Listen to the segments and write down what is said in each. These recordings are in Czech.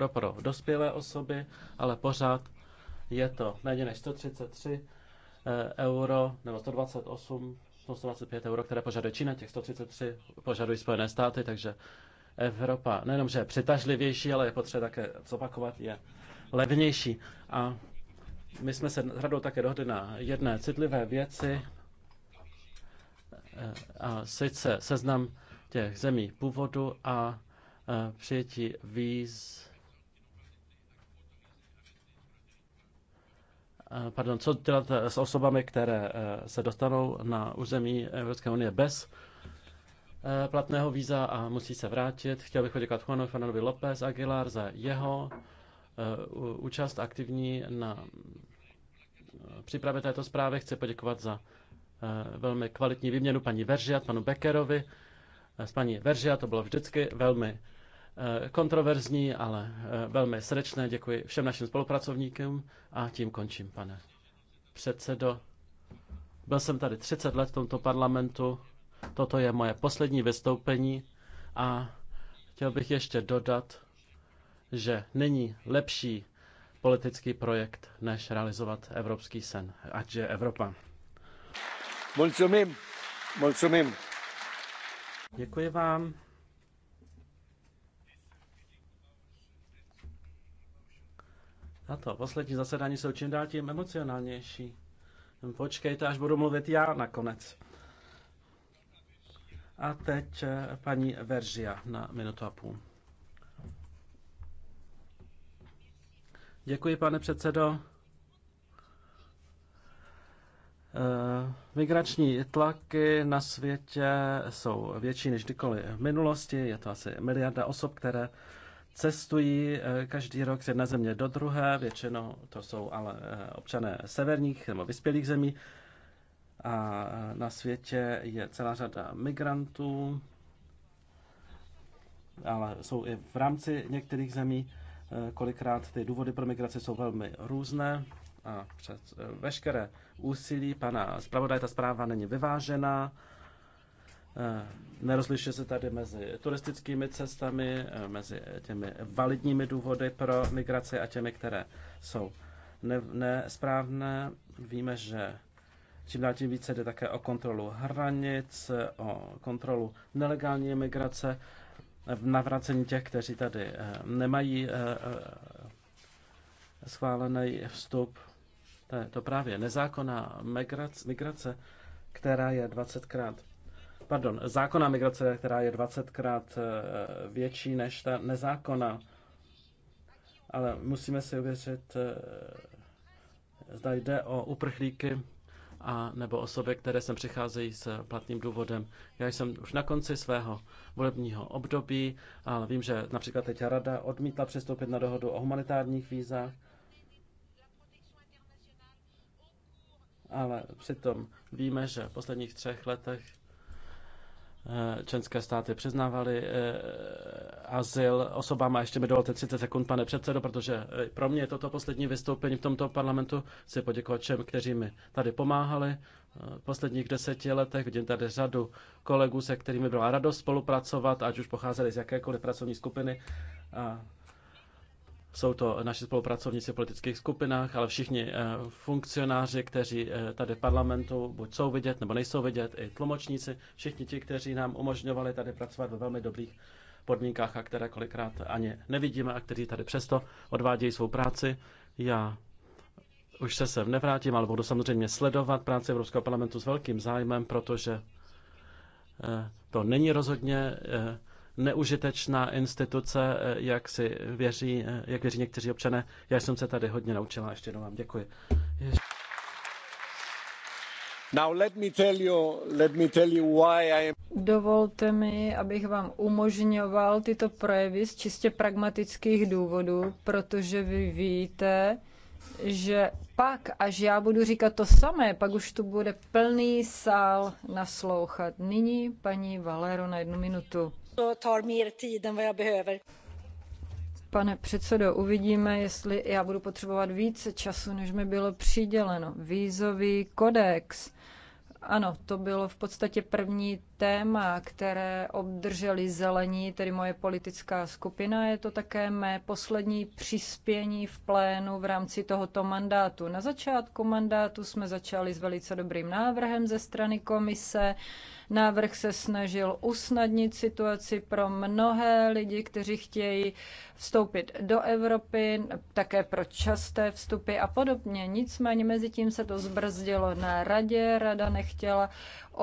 euro pro dospělé osoby, ale pořád je to méně než 133 eh, euro nebo 128, 125 euro, které požaduje Čína, těch 133 požadují Spojené státy, takže Evropa nejenom, že je přitažlivější, ale je potřeba také zopakovat, je levnější. A my jsme se s radou také dohodli na jedné citlivé věci, eh, a sice seznam těch zemí původu a eh, přijetí víz Eh, pardon, co dělat eh, s osobami, které eh, se dostanou na území Evropské unie bez platného víza a musí se vrátit. Chtěl bych poděkovat Juanu Fernandovi López Aguilar za jeho účast aktivní na přípravě této zprávy. Chci poděkovat za velmi kvalitní výměnu paní Veržiat, panu Beckerovi. S paní Veržiat to bylo vždycky velmi Eh, kontroverzní, ale eh, velmi srdečné. Děkuji všem našim spolupracovníkům a tím končím, pane předsedo. Byl jsem tady 30 let v tomto parlamentu. Toto je moje poslední vystoupení a chtěl bych ještě dodat, že není lepší politický projekt, než realizovat evropský sen, ať je Evropa. Mulțumim! Mulțumim! Děkuji vám. Na to poslední zasedání jsou čím dál tím emocionálnější. Počkejte, až budu mluvit já nakonec. A teď eh, paní Veržia na minutu a půl. Děkuji, pane předsedo. Eh, migrační tlaky na světě jsou větší než kdykoliv v minulosti. Je to asi miliarda osob, které cestují eh, každý rok z jedné země do druhé, většinou to jsou ale eh, občané severních nebo vyspělých zemí. A eh, na světě je celá řada migrantů, ale jsou i v rámci některých zemí. Kolikrát ty důvody pro migraci jsou velmi různé a přes veškeré úsilí pana zpravodaje ta zpráva není vyvážená Eh, nerozlišuje se tady mezi turistickými cestami, eh, mezi těmi validními důvody pro migraci a těmi, které jsou ne- nesprávné. Víme, že čím dál tím více jde také o kontrolu hranic, o kontrolu nelegální migrace, navracení těch, kteří tady eh, nemají schválený vstup. To je to právě nezákonná migrace která je 20krát pardon, zákonná migrace, která je 20krát eh, větší než ta nezákona. Ale musíme si uvěřit, eh, zda jde o uprchlíky a nebo osoby, které sem přicházejí s platným důvodem. Já jsem už na konci svého volebního období, a vím, že například teď Rada odmítla přistoupit na dohodu o humanitárních vízách, ale přitom víme, že v posledních třech letech Eh, členské státy přiznávaly eh, azyl osobám. A ještě mi dovolte 30 sekund, pane předsedo, protože eh, pro mě je toto poslední vystoupení v tomto parlamentu. Chci poděkovat všem, kteří mi tady pomáhali v posledních deseti letech. Vidím tady řadu kolegů, se kterými byla radost spolupracovat, ať už pocházeli z jakékoliv pracovní skupiny. A jsou to naši spolupracovníci v politických skupinách, ale všichni eh, funkcionáři, kteří eh, tady v parlamentu buď jsou vidět nebo nejsou vidět, i tlumočníci, všichni ti, kteří nám umožňovali tady pracovat ve velmi dobrých podmínkách a které kolikrát ani nevidíme a kteří tady přesto odvádějí svou práci. Já už se sem nevrátím, ale budu samozřejmě sledovat práci Evropského parlamentu s velkým zájmem, protože eh, to není rozhodně neužitečná instituce, eh, jak si věří, eh, jak věří někteří občané. Já jsem se tady hodně naučila, ještě jednou vám děkuji. Ještě... Now let me tell you, let me tell you why I am... Dovolte mi, abych vám umožňoval tyto projevy z čistě pragmatických důvodů, protože vy víte, že pak, až já budu říkat to samé, pak už tu bude plný sál naslouchat. Nyní paní Valero na jednu minutu. Pane předsedo, uvidíme, jestli já budu potřebovat více času, než mi bylo přiděleno. Vízový kodex. Ano, to bylo v podstatě první téma, které obdrželi zelení, tedy moje politická skupina. Je to také mé poslední přispění v plénu v rámci tohoto mandátu. Na začátku mandátu jsme začali s velice dobrým návrhem ze strany komise. Návrh se snažil usnadnit situaci pro mnohé lidi, kteří chtějí vstoupit do Evropy, také pro časté vstupy a podobně. Nicméně mezi tím se to zbrzdilo na radě, rada nechtěla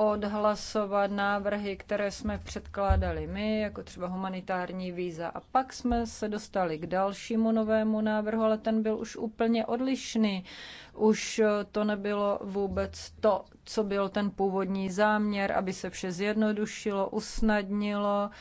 odhlasovat návrhy, které jsme předkládali my, jako třeba humanitární víza. A pak jsme se dostali k dalšímu novému návrhu, ale ten byl už úplně odlišný. Už to nebylo vůbec to, co byl ten původní záměr, aby se vše zjednodušilo, usnadnilo. Uh,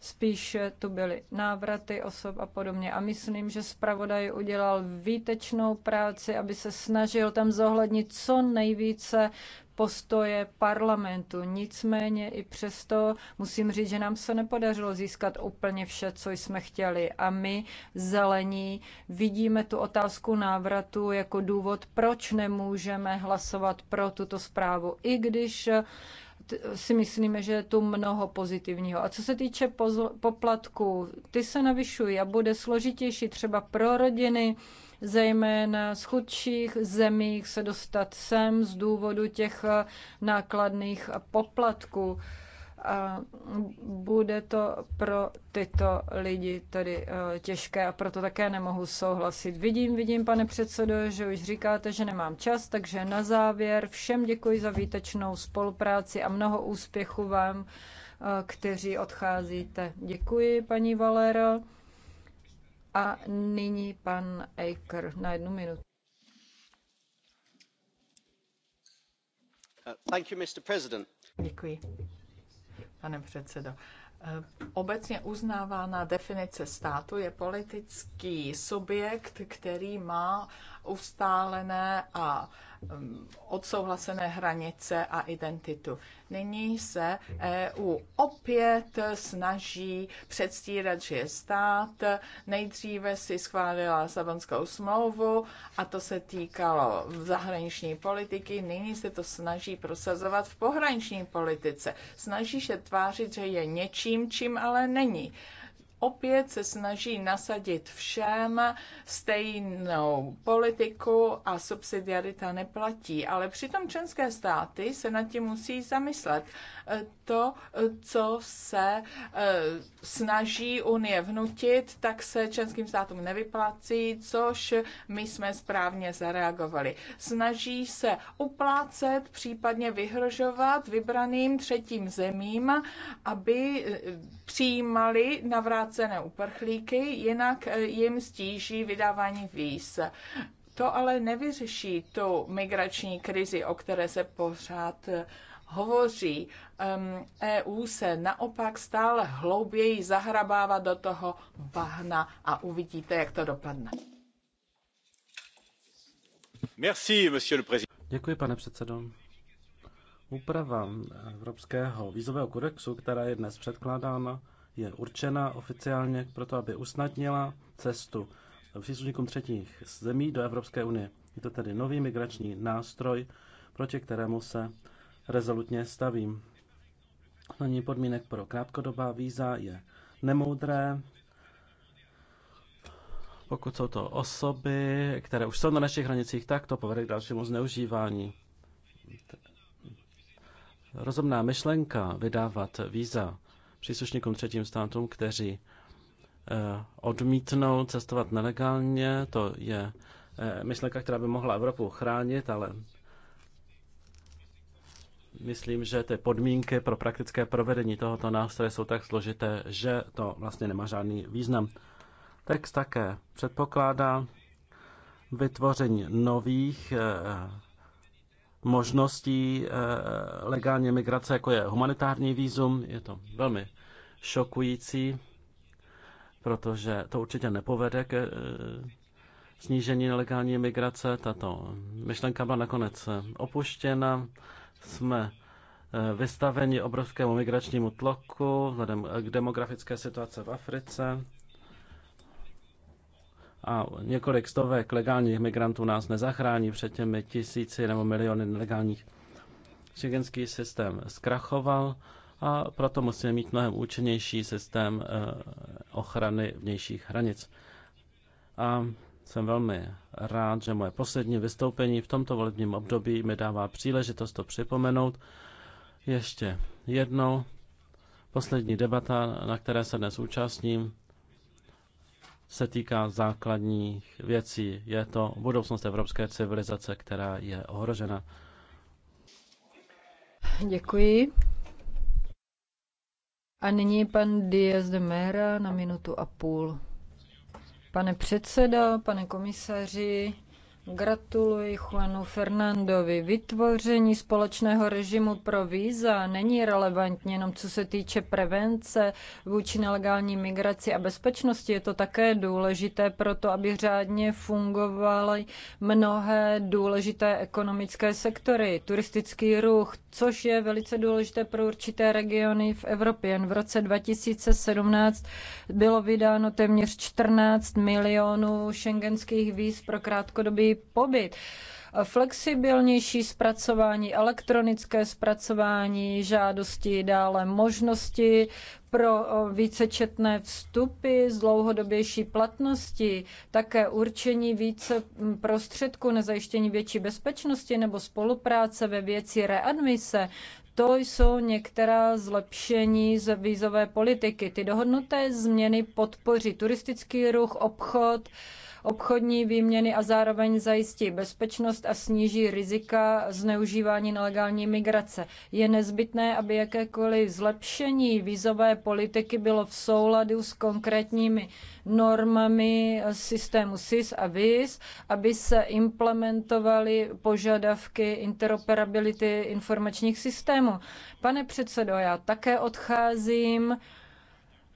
Spíš tu byly návraty osob a podobně. A myslím, že zpravodaj udělal výtečnou práci, aby se snažil tam zohlednit co nejvíce postoje parlamentu. Nicméně i přesto musím říct, že nám se nepodařilo získat úplně vše, co jsme chtěli. A my, zelení, vidíme tu otázku návratu jako důvod, proč nemůžeme hlasovat pro tuto zprávu. I když si myslíme, že je tu mnoho pozitivního. A co se týče poplatků, ty se navyšují a bude složitější třeba pro rodiny, zejména z chudších zemích se dostat sem z důvodu těch eh, nákladných poplatků a bude to pro tyto lidi tady eh, těžké a proto také nemohu souhlasit. Vidím, vidím, pane předsedo, že už říkáte, že nemám čas, takže na závěr všem děkuji za výtečnou spolupráci a mnoho úspěchu vám, eh, kteří odcházíte. Děkuji, paní Valero. A nyní pan Eker na jednu minutu. Uh, děkuji pane předsedo. Eh, obecně uznávaná definice státu je politický subjekt, který má ustálené a um, odsouhlasené hranice a identitu. Nyní se EU opět snaží předstírat, že je stát. Nejdříve si schválila Savonskou smlouvu a to se týkalo zahraniční politiky. Nyní se to snaží prosazovat v pohraniční politice. Snaží se tvářit, že je něčím, čím ale není opět se snaží nasadit všem stejnou politiku a subsidiarita neplatí. Ale přitom členské státy se nad tím musí zamyslet. E, to, e, co se e, snaží Unie vnutit, tak se členským státům nevyplací, což my jsme správně zareagovali. Snaží se uplácet, případně vyhrožovat vybraným třetím zemím, aby přijímali navrát vyplacené uprchlíky, jinak eh, jim stíží vydávání víz. To ale nevyřeší tu migrační krizi, o které se pořád eh, hovoří. EU e se naopak stále hlouběji zahrabává do toho bahna a uvidíte, jak to dopadne. Merci, monsieur le président. Děkuji, pane předsedo. Úprava Evropského vízového kodexu, která je dnes předkládána, je určena oficiálně proto, aby usnadnila cestu příslušníkům třetích zemí do Evropské unie. Je to tedy nový migrační nástroj, proti kterému se rezolutně stavím. Není podmínek pro krátkodobá víza je nemoudré. Pokud jsou to osoby, které už jsou na našich hranicích, tak to povede k dalšímu zneužívání. Rozumná myšlenka vydávat víza příslušníkům třetím státům, kteří eh, odmítnou cestovat nelegálně. To je eh, myšlenka, která by mohla Evropu chránit, ale myslím, že ty podmínky pro praktické provedení tohoto nástroje jsou tak složité, že to vlastně nemá žádný význam. Text také předpokládá vytvoření nových eh, možností eh, legální migrace, jako je humanitární výzum. Je to velmi šokující, protože to určitě nepovede k eh, snížení nelegální migrace. Tato myšlenka byla nakonec eh, opuštěna. Jsme vystaveni obrovskému migračnímu tlaku vzhledem k demografické situace v Africe a několik stovek legálních migrantů nás nezachrání před těmi tisíci nebo miliony nelegálních. Schengenský systém zkrachoval a proto musíme mít mnohem účinnější systém eh, ochrany vnějších hranic. A jsem velmi rád, že moje poslední vystoupení v tomto volebním období mi dává příležitost to připomenout ještě jednou. Poslední debata, na které se dnes účastním, se týká základních věcí. Je to budoucnost evropské civilizace, která je ohrožena. Děkuji. A nyní pan Diaz de Mera na minutu a půl. Pane předsedo, pane komisaři, Gratuluji Juanu Fernandovi. Vytvoření společného režimu pro víza není relevantní jenom co se týče prevence vůči nelegální migraci a bezpečnosti. Je to také důležité proto, aby řádně fungovaly mnohé důležité ekonomické sektory. Turistický ruch, což je velice důležité pro určité regiony v Evropě. Jen v roce 2017 bylo vydáno téměř 14 milionů šengenských víz pro krátkodobý pobyt. Flexibilnější zpracování, elektronické zpracování žádosti, dále možnosti pro vícečetné vstupy z dlouhodobější platnosti, také určení více prostředků na zajištění větší bezpečnosti nebo spolupráce ve věci readmise. To jsou některá zlepšení z vízové politiky. Ty dohodnuté změny podpoří turistický ruch, obchod, obchodní výměny a zároveň zajistí bezpečnost a sníží rizika zneužívání nelegální migrace. Je nezbytné, aby jakékoliv zlepšení vízové politiky bylo v souladu s konkrétními normami systému SIS a VIS, aby se implementovaly požadavky interoperability informačních systémů. Pane předsedo, já také odcházím.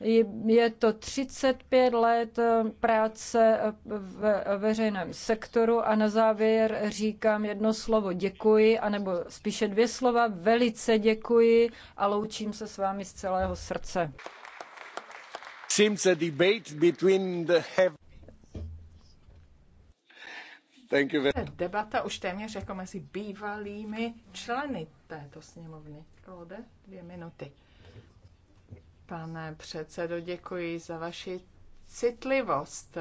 Je to 35 let eh, práce eh, v eh, veřejném sektoru a na závěr říkám jedno slovo děkuji, anebo spíše dvě slova velice děkuji a loučím se s vámi z celého srdce. debate between the Thank you very... Debata už téměř jako mezi bývalými členy této sněmovny. Klode, dvě minuty. Pane předsedo, děkuji za vaši citlivost,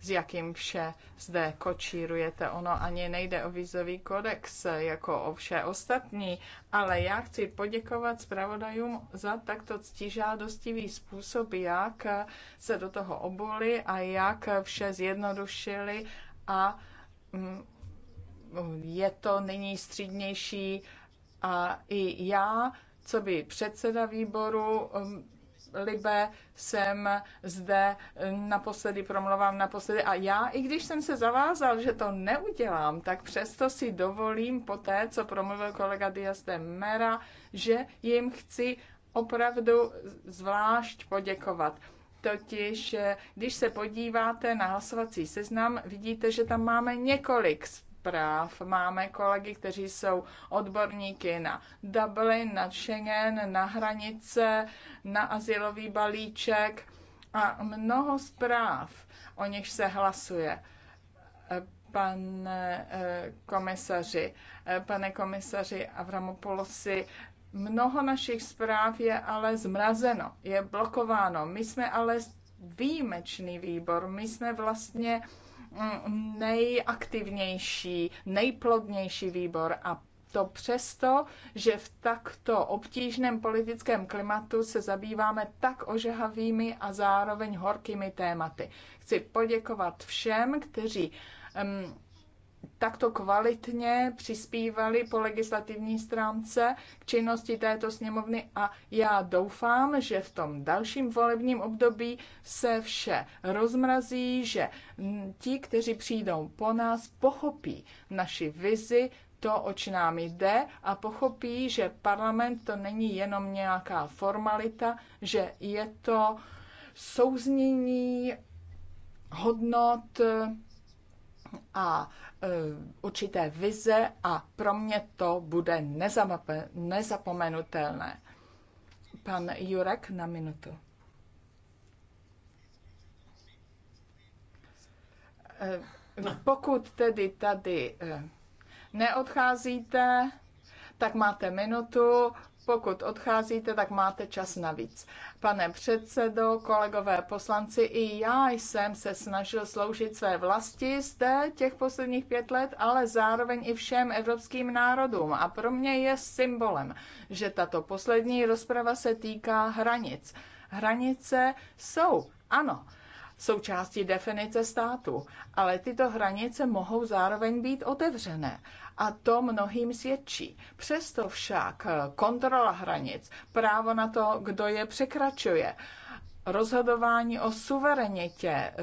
s jakým vše zde kočírujete. Ono ani nejde o vízový kodex jako o vše ostatní, ale já chci poděkovat zpravodajům za takto ctižádostivý způsob, jak se do toho obuli a jak vše zjednodušili a mm, je to nyní střídnější a i já, co by předseda výboru, mm, Libe jsem zde naposledy, promluvám naposledy a já, i když jsem se zavázal, že to neudělám, tak přesto si dovolím po té, co promluvil kolega Dias de Mera, že jim chci opravdu zvlášť poděkovat. Totiž, eh, když se podíváte na hlasovací seznam, vidíte, že tam máme několik práv. Máme kolegy, kteří jsou odborníky na Dublin, na Schengen, na hranice, na asilový balíček a mnoho zpráv, o nichž se hlasuje. Pane eh, komisaři, eh, pane komisaři Avramopoulosi, mnoho našich zpráv je ale zmrazeno, je blokováno. My jsme ale výjimečný výbor, my jsme vlastně uh, Mm, nejaktivnější, nejplodnější výbor a to přesto, že v takto obtížném politickém klimatu se zabýváme tak ožehavými a zároveň horkými tématy. Chci poděkovat všem, kteří um, takto kvalitně přispívali po legislativní stránce k činnosti této sněmovny a já doufám, že v tom dalším volebním období se vše rozmrazí, že ti, kteří přijdou po nás, pochopí naši vizi, to, oč nám jde a pochopí, že parlament to není jenom nějaká formalita, že je to souznění hodnot a Eh, určité vize a pro mě to bude nezapomenutelné. Pan Jurek na minutu. Eh, pokud tedy tady eh, neodcházíte, tak máte minutu, pokud odcházíte, tak máte čas navíc. Pane předsedo, kolegové poslanci, i já jsem se snažil sloužit své vlasti zde těch posledních pět let, ale zároveň i všem evropským národům. A pro mě je symbolem, že tato poslední rozprava se týká hranic. Hranice jsou, ano, součástí definice státu, ale tyto hranice mohou zároveň být otevřené a to mnohým svědčí. Přesto však eh, kontrola hranic, právo na to, kdo je překračuje, rozhodování o suverenitě eh,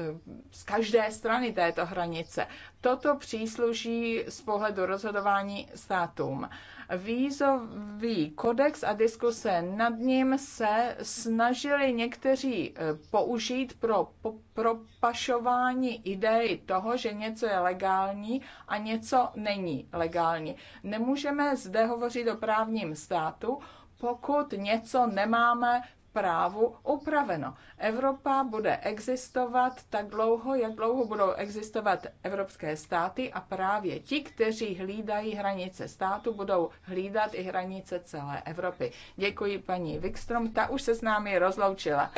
z každé strany této hranice. Toto přísluží z pohledu rozhodování státům. Vízový kodex a diskuse nad ním se snažili někteří eh, použít pro propašování idei toho, že něco je legální a něco není legální. Nemůžeme zde hovořit o právním státu, pokud něco nemáme právu upraveno. Evropa bude existovat tak dlouho, jak dlouho budou existovat evropské státy a právě ti, kteří hlídají hranice státu, budou hlídat i hranice celé Evropy. Děkuji paní Wikström, ta už se s námi rozloučila.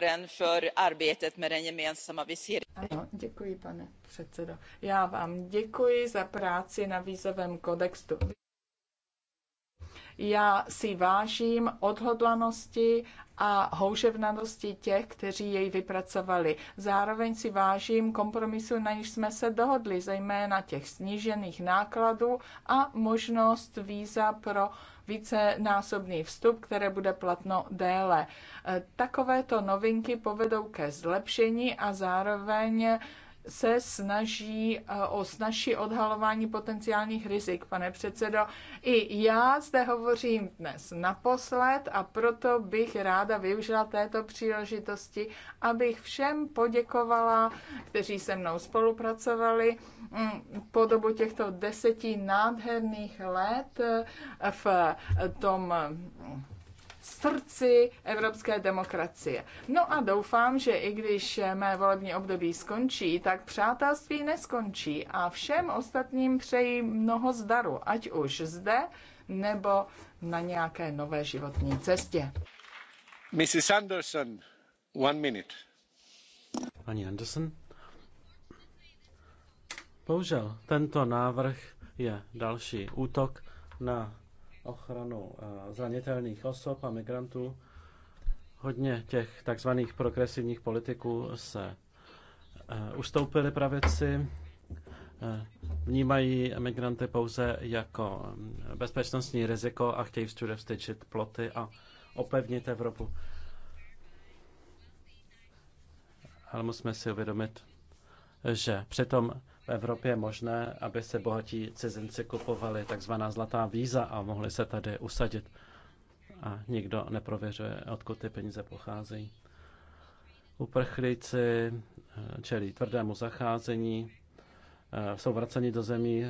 Ano, děkuji pane předsedo. Já vám děkuji za práci na vízovém kodextu. Já si vážím odhodlanosti a houževnanosti těch, kteří jej vypracovali. Zároveň si vážím kompromisu, na níž jsme se dohodli, zejména těch snížených nákladů a možnost víza pro vícenásobný vstup, které bude platno déle. E, takovéto novinky povedou ke zlepšení a zároveň se snaží eh, o snažší odhalování potenciálních rizik. Pane předsedo, i já zde hovořím dnes naposled a proto bych ráda využila této příležitosti, abych všem poděkovala, kteří se mnou spolupracovali mm, po dobu těchto deseti nádherných let eh, v tom srdci evropské demokracie. No a doufám, že i když mé volební období skončí, tak přátelství neskončí a všem ostatním přeji mnoho zdaru, ať už zde nebo na nějaké nové životní cestě. Mrs. Anderson, one minute. Pani Anderson. Bohužel, tento návrh je další útok na ochranu eh, zranitelných osob a migrantů. Hodně těch takzvaných progresivních politiků se eh, ustoupili pravici, eh, vnímají migranty pouze jako mm, bezpečnostní riziko a chtějí všude vstyčit ploty a opevnit Evropu. Ale musíme si uvědomit, že přitom v Evropě je možné, aby se bohatí cizinci kupovali takzvaná zlatá víza a mohli se tady usadit. A nikdo neprověřuje, odkud ty peníze pocházejí. Uprchlíci eh, čelí tvrdému zacházení, eh, jsou vraceni do zemí,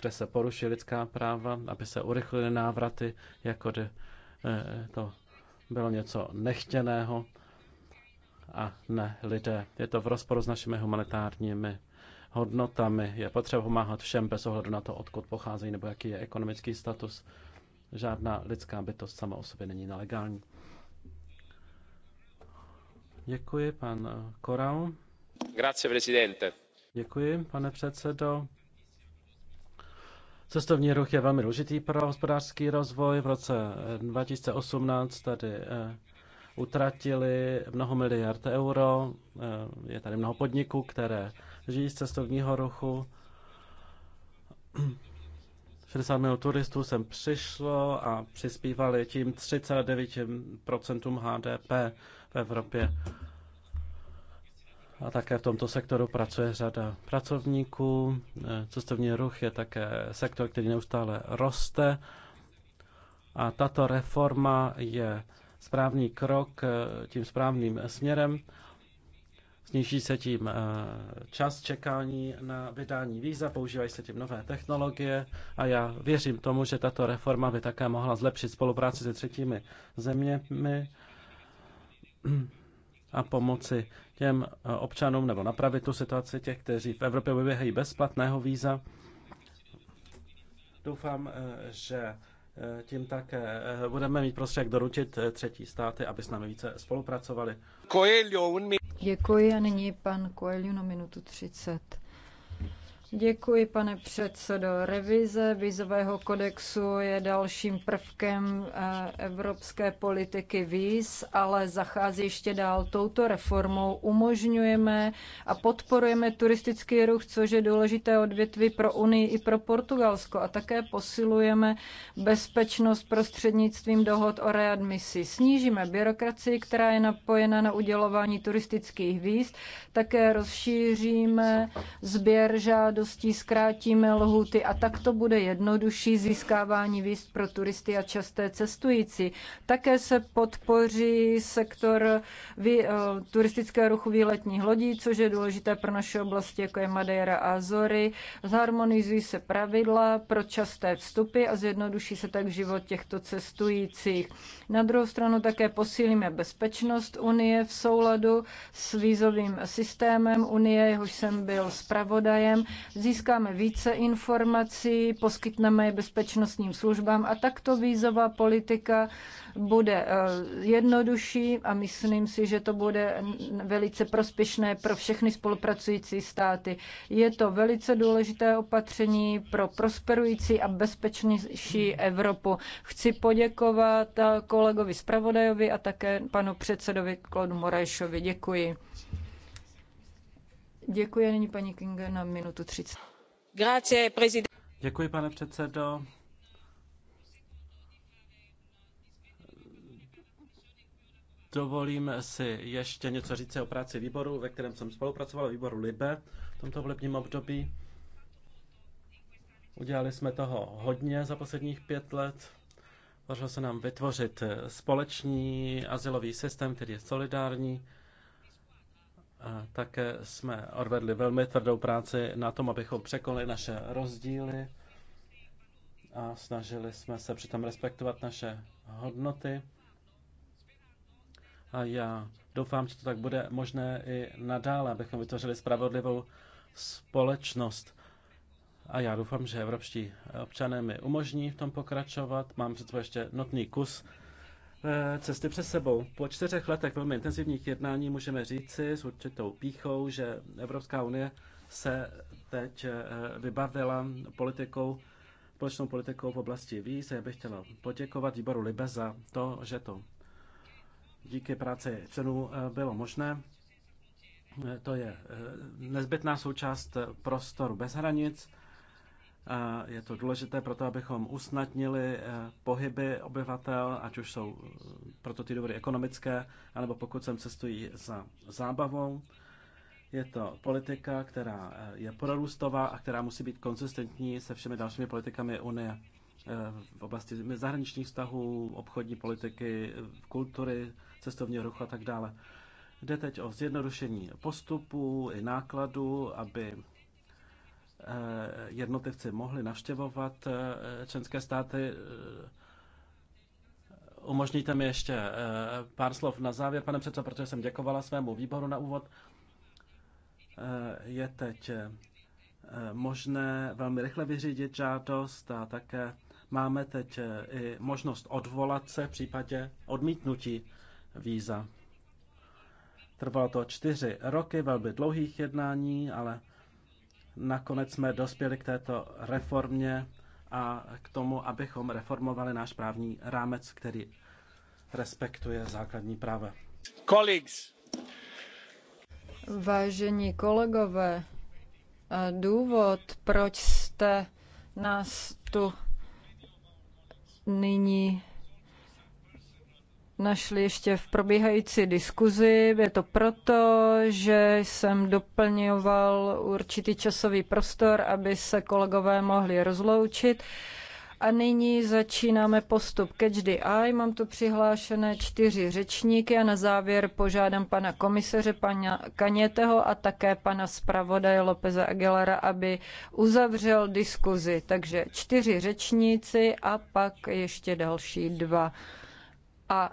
kde se poruší lidská práva, aby se urychlily návraty, jako kdy eh, to bylo něco nechtěného a ne lidé. Je to v rozporu s našimi humanitárními hodnotami. Je potřeba pomáhat všem bez ohledu na to, odkud pocházejí nebo jaký je ekonomický status. Žádná lidská bytost sama o sobě není nelegální. Děkuji, pan Korau. Grazie, presidente. Děkuji, pane předsedo. Cestovní ruch je velmi důležitý pro hospodářský rozvoj. V roce 2018 tady eh, utratili mnoho miliard euro. Eh, je tady mnoho podniků, které žijí z cestovního ruchu. 60 milionů turistů sem přišlo a přispívali tím 39% HDP v Evropě. A také v tomto sektoru pracuje řada pracovníků. Cestovní ruch je také sektor, který neustále roste. A tato reforma je správný krok tím správným směrem Sníží se tím eh, čas čekání na vydání víza, používají se tím nové technologie a já věřím tomu, že tato reforma by také mohla zlepšit spolupráci se třetími zeměmi a pomoci těm eh, občanům nebo napravit tu situaci těch, kteří v Evropě vyběhají bezplatného víza. Doufám, eh, že tím také budeme mít prostředek doručit třetí státy, aby s námi více spolupracovali. un Děkuji a nyní pan Coelho na minutu 30. Děkuji, pane předsedo. Revize vízového kodexu je dalším prvkem eh, evropské politiky víz, ale zachází ještě dál. Touto reformou umožňujeme a podporujeme turistický ruch, což je důležité odvětví pro Unii i pro Portugalsko. A také posilujeme bezpečnost prostřednictvím dohod o readmisi. Snížíme byrokracii, která je napojena na udělování turistických víz. Také rozšíříme sběr žádů žádostí, zkrátíme lhuty a tak to bude jednodušší získávání víz pro turisty a časté cestující. Také se podpoří sektor vý, eh, turistického ruchu výletních lodí, což je důležité pro naše oblasti, jako je Madeira a Azory. Zharmonizují se pravidla pro časté vstupy a zjednoduší se tak život těchto cestujících. Na druhou stranu také posílíme bezpečnost Unie v souladu s vízovým systémem Unie, jehož jsem byl zpravodajem získáme více informací, poskytneme je bezpečnostním službám a takto vízová politika bude eh, jednodušší a myslím si, že to bude velice prospěšné pro všechny spolupracující státy. Je to velice důležité opatření pro prosperující a bezpečnější Evropu. Chci poděkovat eh, kolegovi zpravodajovi a také panu předsedovi Claude Morajšovi. Děkuji. Děkuji, paní Kinga na minutu 30. Děkuji, pane předsedo. Dovolím si ještě něco říct o práci výboru, ve kterém jsem spolupracoval, výboru LIBE v tomto volebním období. Udělali jsme toho hodně za posledních pět let. Podařilo se nám vytvořit společný asilový systém, který je solidární, tak také jsme odvedli velmi tvrdou práci na tom, abychom překonali naše rozdíly a snažili jsme se přitom respektovat naše hodnoty. A já doufám, že to tak bude možné i nadále, abychom vytvořili spravodlivou společnost. A já doufám, že evropští občané mi umožní v tom pokračovat. Mám před sebou ještě notný kus Eh, cesty přes sebou. Po čtyřech letech velmi intenzivních jednání můžeme říci s určitou píchou, že Evropská unie se teď eh, vybavila politikou, společnou politikou v oblasti víz. Já bych chtěla poděkovat výboru Libe za to, že to díky práci členů eh, bylo možné. To je nezbytná součást prostoru bez hranic je to důležité proto, abychom usnadnili eh, pohyby obyvatel, ať už jsou eh, proto ty důvody ekonomické, anebo pokud sem cestují za zábavou. Je to politika, která eh, je prorůstová a která musí být konzistentní se všemi dalšími politikami Unie v oblasti zahraničních vztahů, obchodní politiky, kultury, cestovního ruchu a tak dále. Jde teď o zjednodušení postupů i nákladů, aby Eh, jednotlivci mohli navštěvovat eh, členské státy. Eh, Umožníte mi ještě pár slov na závěr, pane předsedo, protože jsem děkovala svému výboru na úvod. Je teď možné velmi rychle vyřídit žádost a také máme teď i možnost odvolat se v případě odmítnutí víza. Trvalo to čtyři roky velmi dlouhých jednání, ale nakonec jsme dospěli k této reformě a k tomu, abychom reformovali náš právní rámec, který respektuje základní práva. Colleagues. Vážení kolegové, důvod, proč jste nás tu nyní našli ještě v probíhající diskuzi. Je to proto, že jsem doplňoval určitý časový prostor, aby se kolegové mohli rozloučit. A nyní začínáme postup Catch the Eye. Mám tu přihlášené čtyři řečníky a na závěr požádám pana komisaře, pana Kaněteho a také pana zpravodaje Lopeza Aguilara, aby uzavřel diskuzi. Takže čtyři řečníci a pak ještě další dva. A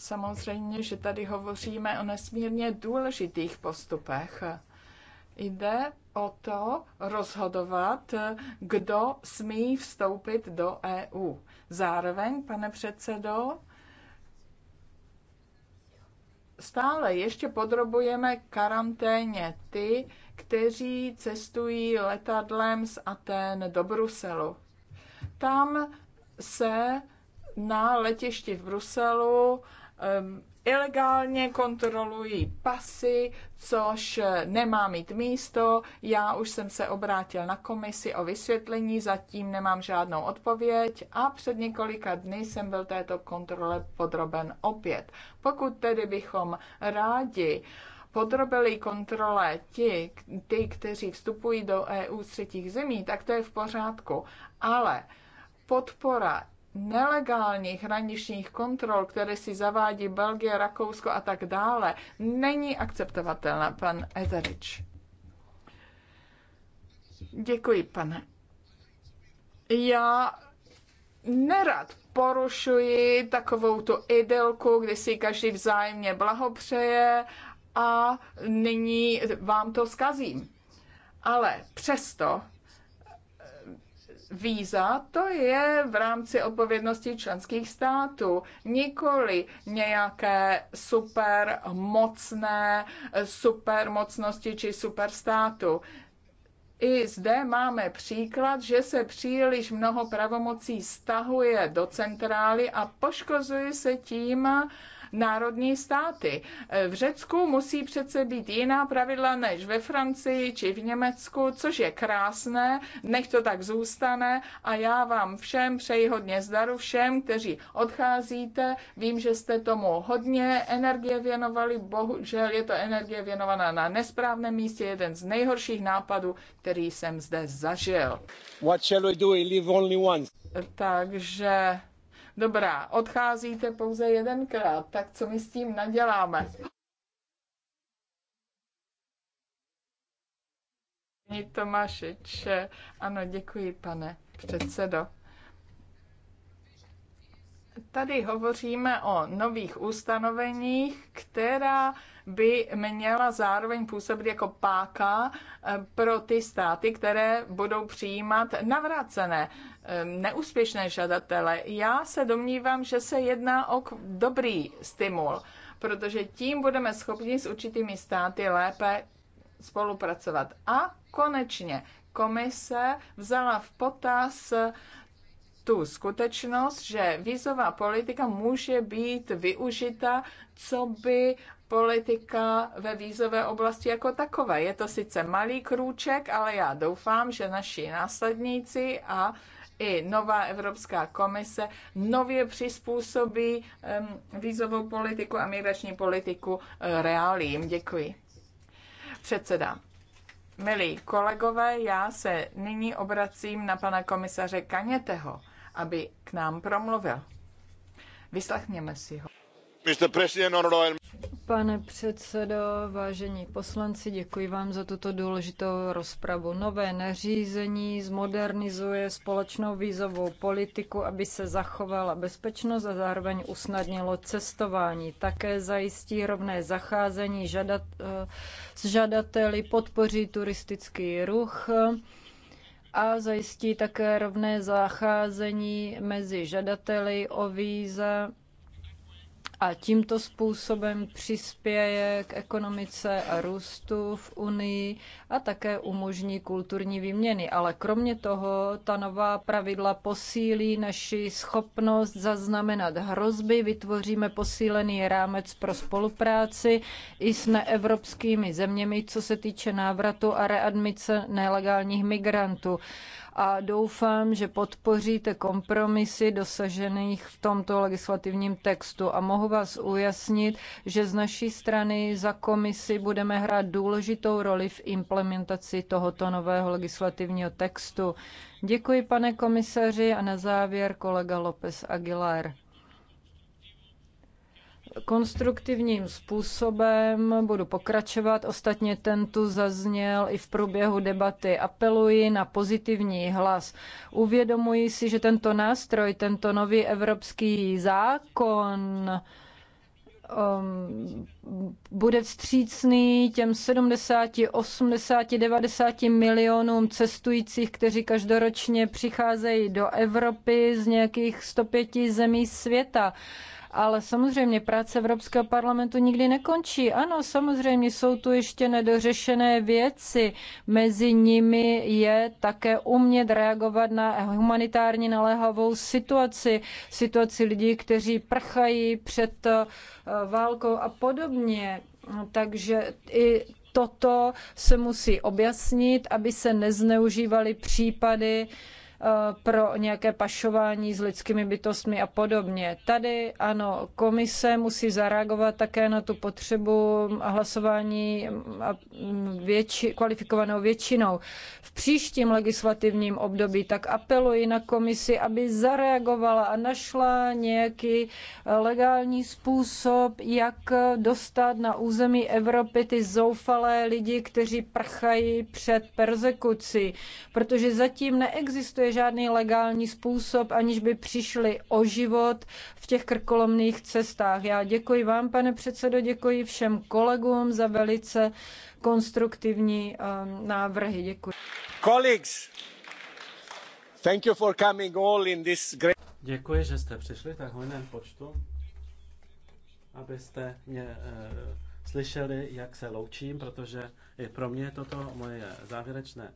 Samozřejmě, že tady hovoříme o nesmírně důležitých postupech. Jde o to rozhodovat, kdo smí vstoupit do EU. Zároveň, pane předsedo, stále ještě podrobujeme karanténě ty, kteří cestují letadlem z Aten do Bruselu. Tam se na letišti v Bruselu um, ilegálně kontrolují pasy, což nemá mít místo. Já už jsem se obrátil na komisi o vysvětlení, zatím nemám žádnou odpověď a před několika dny jsem byl této kontrole podroben opět. Pokud tedy bychom rádi podrobili kontrole ti, ty, kteří vstupují do EU z třetích zemí, tak to je v pořádku. Ale podpora nelegálních hraničních kontrol, které si zavádí Belgie, Rakousko a tak dále, není akceptovatelná, pan Ezerič. Děkuji, pane. Já nerad porušuji takovou tu idylku, kdy si každý vzájemně blahopřeje a nyní vám to zkazím. Ale přesto víza, to je v rámci odpovědnosti členských států, nikoli nějaké super mocné supermocnosti či superstátu. I zde máme příklad, že se příliš mnoho pravomocí stahuje do centrály a poškozuje se tím národní státy. V Řecku musí přece být jiná pravidla než ve Francii či v Německu, což je krásné, nech to tak zůstane a já vám všem přeji hodně zdaru, všem, kteří odcházíte. Vím, že jste tomu hodně energie věnovali, bohužel je to energie věnovaná na nesprávném místě, jeden z nejhorších nápadů, který jsem zde zažil. What shall we do? We live only once. Takže Dobrá, odcházíte pouze jedenkrát, tak co my s tím naděláme? Tomášič, eh, ano, děkuji, pane předsedo. Tady hovoříme o nových ustanoveních, která by měla zároveň působit jako páka eh, pro ty státy, které budou přijímat navrácené eh, neúspěšné žadatele. Já se domnívám, že se jedná o dobrý stimul, protože tím budeme schopni s určitými státy lépe spolupracovat. A konečně komise vzala v potaz eh, tu skutečnost, že vízová politika může být využita, co by politika ve vízové oblasti jako takové. Je to sice malý krůček, ale já doufám, že naši následníci a i nová Evropská komise nově přizpůsobí um, vízovou politiku a migrační politiku uh, eh, reálím. Děkuji. Předseda. Milí kolegové, já se nyní obracím na pana komisaře Kaněteho aby k nám promluvil. Vyslechněme si ho. Pane předsedo, vážení poslanci, děkuji vám za tuto důležitou rozpravu. Nové nařízení zmodernizuje společnou vízovou politiku, aby se zachovala bezpečnost a zároveň usnadnilo cestování. Také zajistí rovné zacházení žadat, eh, s žadateli, podpoří turistický ruch a zajistí také rovné zacházení mezi žadateli o víza a tímto způsobem přispěje k ekonomice a růstu v Unii a také umožní kulturní výměny. Ale kromě toho ta nová pravidla posílí naši schopnost zaznamenat hrozby, vytvoříme posílený rámec pro spolupráci i s neevropskými zeměmi, co se týče návratu a readmice nelegálních migrantů a doufám, že podpoříte kompromisy dosažených v tomto legislativním textu. A mohu vás ujasnit, že z naší strany za komisi budeme hrát důležitou roli v implementaci tohoto nového legislativního textu. Děkuji, pane komisaři, a na závěr kolega López Aguilar konstruktivním způsobem budu pokračovat. Ostatně ten tu zazněl i v průběhu debaty. Apeluji na pozitivní hlas. Uvědomuji si, že tento nástroj, tento nový evropský zákon, um, bude vstřícný těm 70, 80, 90 milionům cestujících, kteří každoročně přicházejí do Evropy z nějakých 105 zemí světa. Ale samozřejmě práce Evropského parlamentu nikdy nekončí. Ano, samozřejmě jsou tu ještě nedořešené věci. Mezi nimi je také umět reagovat na humanitární naléhavou situaci, situaci lidí, kteří prchají před eh, válkou a podobně. Takže i toto se musí objasnit, aby se nezneužívaly případy, Eh, pro nějaké pašování s lidskými bytostmi a podobně. Tady ano, komise musí zareagovat také na tu potřebu hlasování mm, mm, větši, kvalifikovanou většinou. V příštím legislativním období tak apeluji na komisi, aby zareagovala a našla nějaký legální způsob, jak dostat na území Evropy ty zoufalé lidi, kteří prchají před persekucí, protože zatím neexistuje žádný legální způsob, aniž by přišli o život v těch krkolomných cestách. Já děkuji vám, pane předsedo, děkuji všem kolegům za velice konstruktivní um, návrhy. Děkuji. Colleagues, thank you for coming all in this great... Děkuji, že jste přišli tak hojném počtu, abyste mě uh, slyšeli, jak se loučím, protože i pro mě je toto moje závěrečné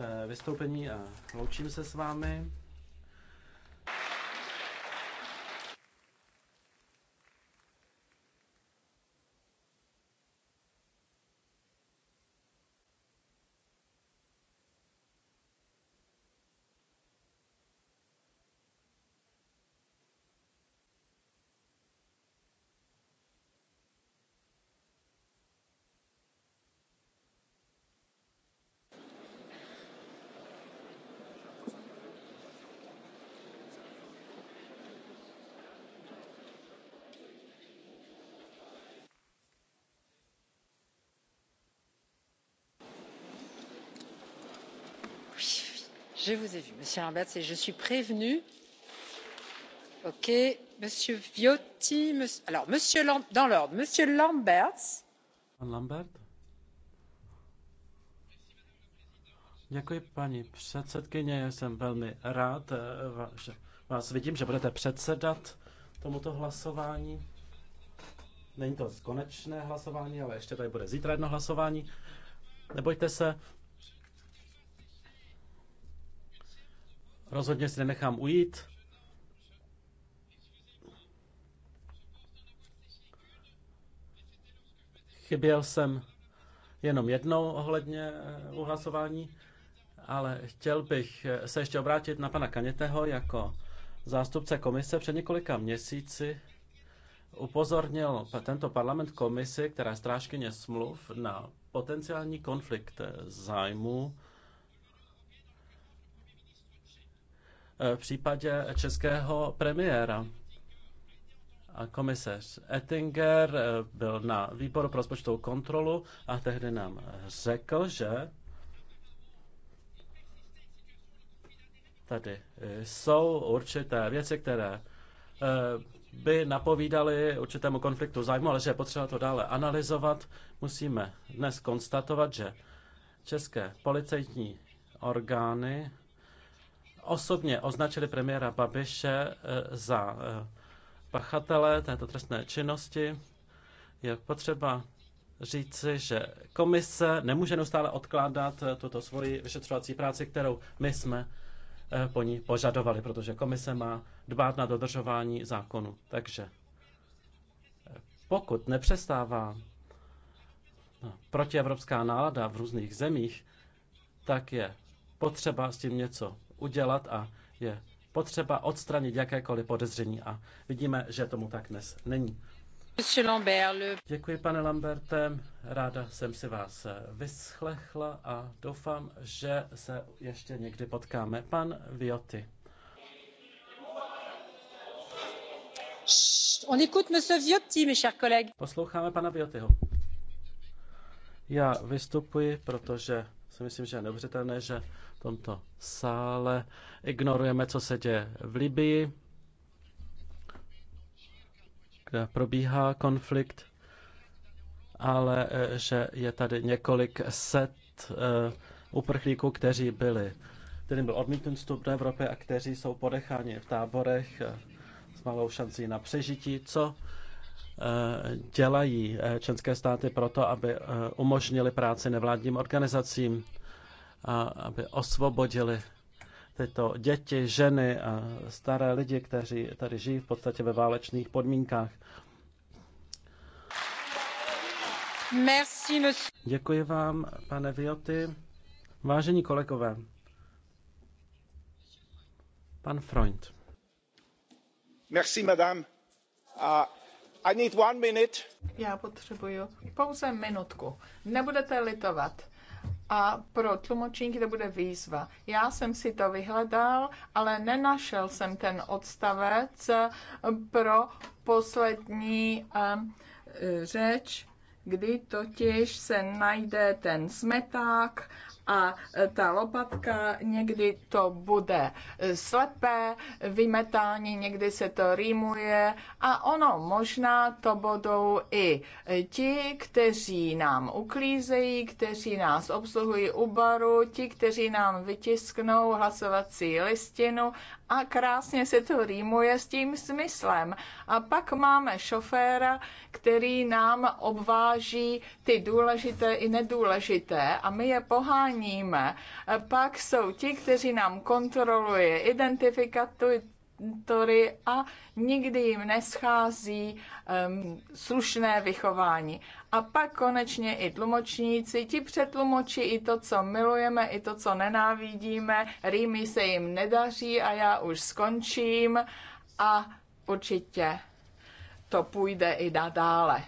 Eh, vystoupení a loučím se s vámi. Děkuji, paní předsedkyně. Jsem velmi rád, eh, že vás vidím, že budete předsedat tomuto hlasování. Není to konečné hlasování, ale ještě tady bude zítra jedno hlasování. Nebojte se, Rozhodně si nenechám ujít. Chyběl jsem jenom jednou ohledně eh, uhlasování, ale chtěl bych eh, se ještě obrátit na pana Kaněteho jako zástupce komise. Před několika měsíci upozornil tento parlament komisi, která je strážkyně smluv, na potenciální konflikt eh, zájmů Eh, v případě českého premiéra. A komisař Ettinger eh, byl na výboru pro rozpočtovou kontrolu a tehdy nám řekl, že tady eh, jsou určité věci, které by napovídaly určitému konfliktu zájmu, ale že je potřeba to dále analyzovat. Musíme dnes konstatovat, že české policejní orgány osobně označili premiéra Babiše eh, za eh, pachatele této trestné činnosti, je potřeba říci, že komise nemůže neustále odkládat eh, tuto svoji vyšetřovací práci, kterou my jsme po ní požadovali, protože komise má dbát na dodržování zákonu. Takže pokud nepřestává no, protievropská nálada v různých zemích, tak je potřeba s tím něco udělat a je potřeba odstranit jakékoliv podezření a vidíme, že tomu tak dnes není. Děkuji, pane Lamberte. Ráda jsem si vás eh, vyslechla a doufám, že se ještě někdy potkáme. Pan Vioty. On écoute monsieur Viotti, mes chers collègues. Posloucháme pana Viotyho. Já vystupuji, protože si myslím, že je neuvěřitelné, že tomto sále. Ignorujeme, co se děje v Libii, kde probíhá konflikt, ale eh, že je tady několik set eh, uprchlíků, kteří byli, kterým byl odmítnut vstup do Evropy a kteří jsou podecháni v táborech eh, s malou šancí na přežití. Co dělají členské státy proto, aby umožnili práci nevládním organizacím? a aby osvobodili tyto děti, ženy a staré lidi, kteří tady žijí v podstatě ve válečných podmínkách. Merci, Děkuji vám, pane Vioty. Vážení kolegové, pan Freund. Merci, madame. Uh, I need one minute. Já potřebuju pouze minutku. Nebudete litovat a pro tlumočníky to bude výzva. Já jsem si to vyhledal, ale nenašel jsem ten odstavec pro poslední e, řeč, kdy totiž se najde ten smeták a e, ta lopatka, někdy to bude e, slepé vymetání, někdy se to rýmuje a ono možná to budou i e, ti, kteří nám uklízejí, kteří nás obsluhují u baru, ti, kteří nám vytisknou hlasovací listinu a krásně se to rýmuje s tím smyslem. A pak máme šoféra, který nám obváží ty důležité i nedůležité a my je pohání nebráníme. Pak jsou ti, kteří nám kontrolují identifikatory a nikdy jim neschází um, slušné vychování. A pak konečně i tlumočníci, ti přetlumočí i to, co milujeme, i to, co nenávidíme, rýmy se jim nedaří a já už skončím a určitě to půjde i nadále.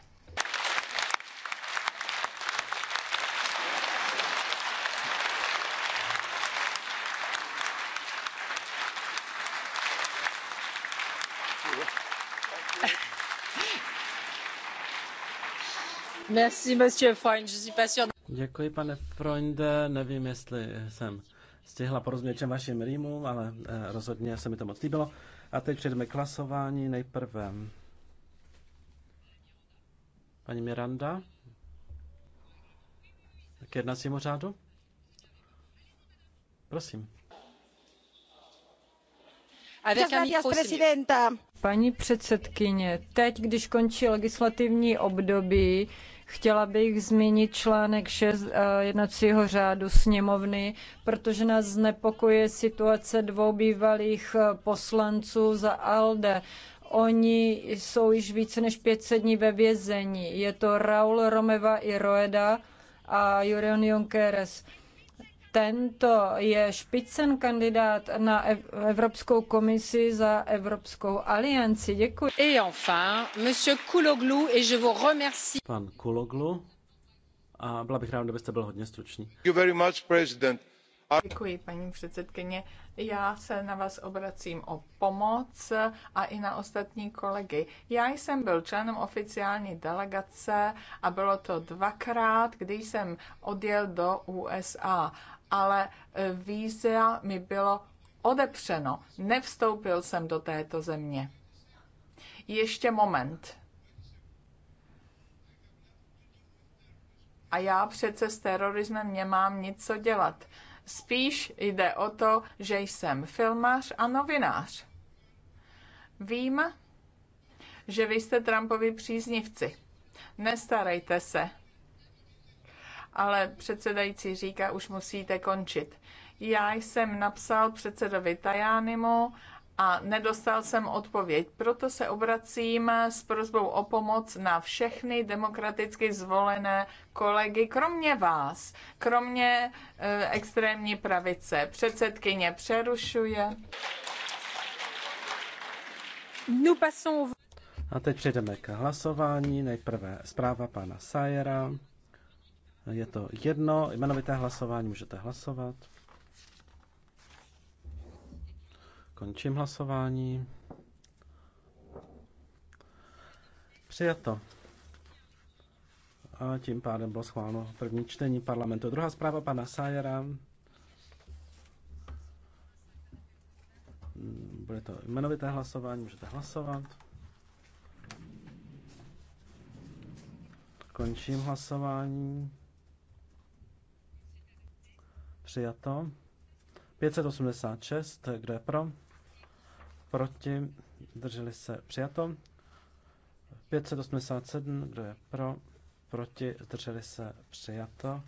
Děkuji, pane Freunde. Nevím, jestli jsem stihla porozumět všem vašim rýmům, ale eh, rozhodně se mi to moc líbilo. A teď přejdeme k hlasování nejprve. Paní Miranda? K jednacímu řádu? Prosím. Paní předsedkyně, teď, když končí legislativní období, Chtěla bych zmínit článek 6 eh, jednacího řádu sněmovny, protože nás znepokuje situace dvou bývalých eh, poslanců za ALDE. Oni jsou již více než 500 dní ve vězení. Je to Raul Romeva i Roeda a Jurion Junqueras tento je špicen kandidát na Evropskou komisi za Evropskou alianci. Děkuji. Et enfin, monsieur Kouloglou, et je vous remercie. Pan Kouloglou, a byla bych ráda, kdybyste byl hodně stručný. Děkuji, paní předsedkyně. Já se na vás obracím o pomoc a i na ostatní kolegy. Já jsem byl členem oficiální delegace a bylo to dvakrát, když jsem odjel do USA ale e, víza mi bylo odepřeno. Nevstoupil jsem do této země. Ještě moment. A já přece s terorismem nemám nic co dělat. Spíš jde o to, že jsem filmář a novinář. Vím, že vy jste Trumpovi příznivci. Nestarejte se ale předsedající říká, už musíte končit. Já jsem napsal předsedovi Tajánimu a nedostal jsem odpověď. Proto se obracím s prozbou o pomoc na všechny demokraticky zvolené kolegy, kromě vás, kromě eh, extrémní pravice. Předsedkyně přerušuje. A teď přejdeme k hlasování. Nejprve zpráva pana Sajera. Je to jedno jmenovité hlasování, můžete hlasovat. Končím hlasování. Přijato. A tím pádem bylo schváleno první čtení parlamentu. Druhá zpráva pana Sajera. Bude to jmenovité hlasování, můžete hlasovat. Končím hlasování. Přijato. 586, kdo je pro? Proti, drželi se, přijato. 587, kdo je pro? Proti, zdrželi se, přijato.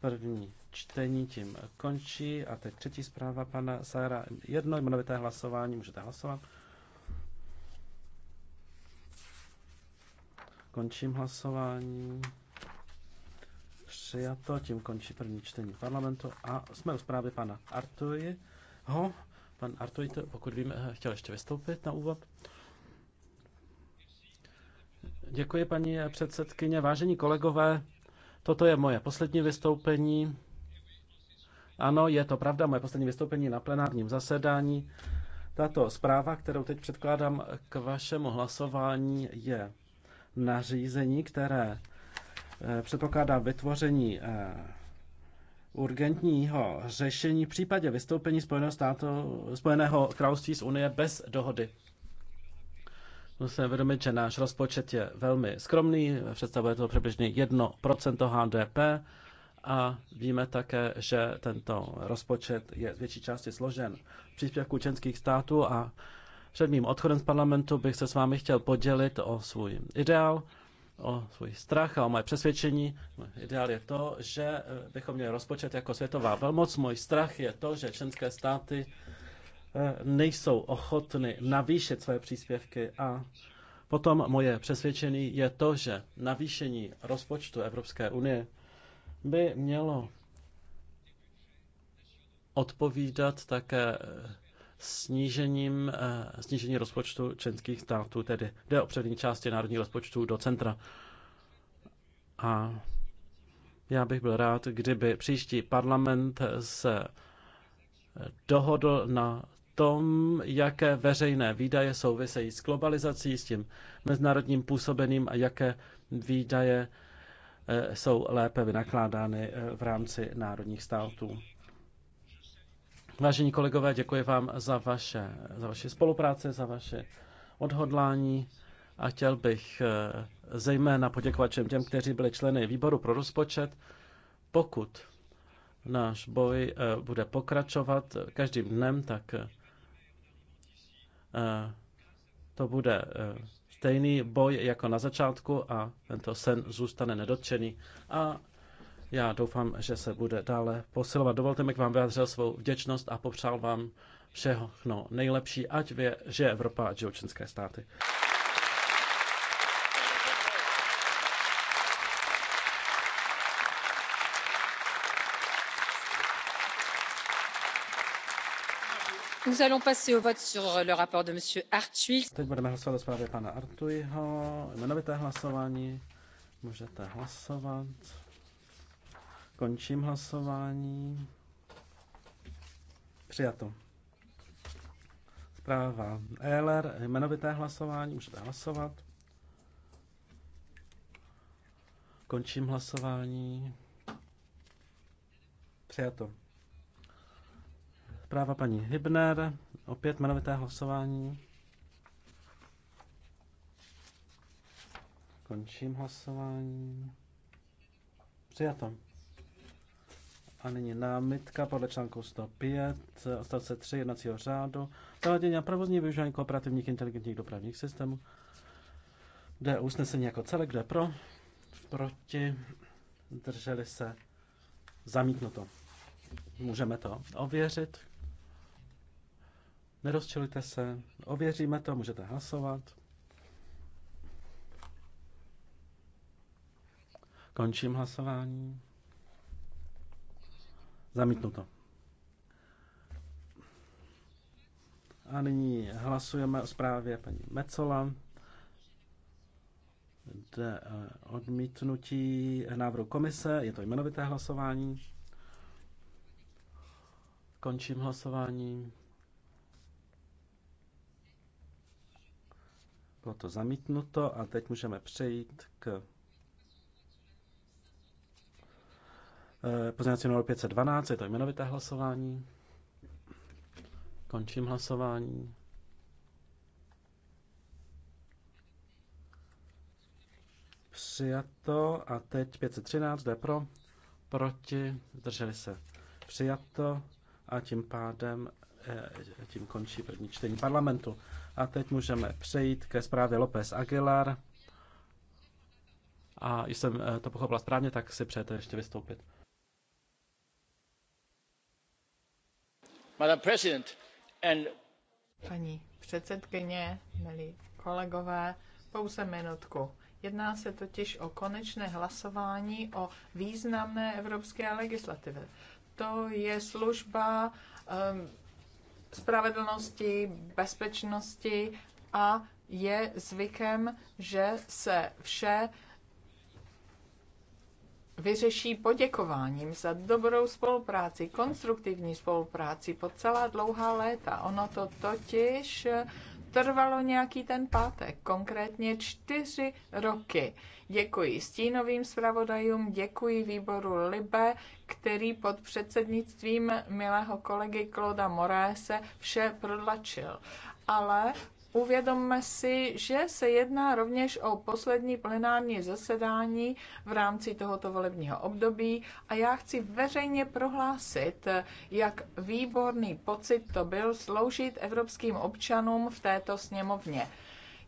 První čtení tím končí. A teď třetí zpráva pana Sára. Jedno jmenovité hlasování, můžete hlasovat. Končím hlasování přijato, tím končí první čtení parlamentu a jsme u zprávy pana Artuji. Ho, pan Artuji, pokud víme, eh, chtěl ještě vystoupit na úvod. Děkuji, paní předsedkyně. Vážení kolegové, toto je moje poslední vystoupení. Ano, je to pravda, moje poslední vystoupení na plenárním zasedání. Tato zpráva, kterou teď předkládám k vašemu hlasování, je nařízení, které Eh, předpokládá vytvoření eh, urgentního řešení v případě vystoupení Spojeného, státu, Spojeného království z Unie bez dohody. Musíme vědomit, že náš rozpočet je velmi skromný, představuje to přibližně 1% HDP a víme také, že tento rozpočet je z větší části složen příspěvků členských států a před mým odchodem z parlamentu bych se s vámi chtěl podělit o svůj ideál, o svůj strach a o moje přesvědčení. Můj ideál je to, že eh, bychom měli rozpočet jako světová velmoc. Můj strach je to, že členské státy eh, nejsou ochotny navýšit své příspěvky a potom moje přesvědčení je to, že navýšení rozpočtu Evropské unie by mělo odpovídat také eh, snížením, eh, snížení rozpočtu členských států, tedy jde o přední části národních rozpočtů do centra. A já bych byl rád, kdyby příští parlament se dohodl na tom, jaké veřejné výdaje souvisejí s globalizací, s tím mezinárodním působením a jaké výdaje eh, jsou lépe vynakládány eh, v rámci národních států. Vážení kolegové, děkuji vám za vaše, za vaše spolupráce, za vaše odhodlání a chtěl bych eh, zejména poděkovat všem těm, kteří byli členy výboru pro rozpočet. Pokud náš boj eh, bude pokračovat každým dnem, tak eh, to bude stejný boj jako na začátku a tento sen zůstane nedotčený. A já doufám, že se bude dále posilovat. Dovolte mi k vám vyjádřil svou vděčnost a popřál vám všechno nejlepší, ať vě, že Evropa a žijou členské státy. Teď budeme hlasovat o zprávě pana Artuiho. Jmenovité hlasování. Můžete hlasovat. Končím hlasování. Přijato. Zpráva ELR, jmenovité hlasování, můžete hlasovat. Končím hlasování. Přijato. Zpráva paní Hybner, opět jmenovité hlasování. Končím hlasování. Přijato. A nyní námitka podle článku 105, odstavce 3 jednacího řádu, zavádění a provozní využívání kooperativních inteligentních dopravních systémů, kde usnesení jako celek, kde pro, proti, drželi se, zamítnuto. Můžeme to ověřit. Nerozčilujte se, ověříme to, můžete hlasovat. Končím hlasování. Zamítnuto. A nyní hlasujeme o zprávě paní Mecola. Jde eh, odmítnutí návrhu komise, je to jmenovité hlasování. Končím hlasování. Bylo to zamítnuto a teď můžeme přejít k Eh, pozměňovací návrh 512, je to jmenovité hlasování. Končím hlasování. Přijato a teď 513, jde pro, proti, zdrželi se. Přijato a tím pádem eh, tím končí první čtení parlamentu. A teď můžeme přejít ke zprávě López Aguilar. A jsem eh, to pochopila správně, tak si přejete ještě vystoupit. Paní předsedkyně, milí kolegové, pouze minutku. Jedná se totiž o konečné hlasování o významné evropské legislativě. To je služba um, spravedlnosti, bezpečnosti a je zvykem, že se vše vyřeší poděkováním za dobrou spolupráci, konstruktivní spolupráci po celá dlouhá léta. Ono to totiž trvalo nějaký ten pátek, konkrétně čtyři roky. Děkuji stínovým zpravodajům, děkuji výboru Libe, který pod předsednictvím milého kolegy Kloda Moráse vše prodlačil. Ale Uvědomme si, že se jedná rovněž o poslední plenární zasedání v rámci tohoto volebního období a já chci veřejně prohlásit, jak výborný pocit to byl sloužit evropským občanům v této sněmovně.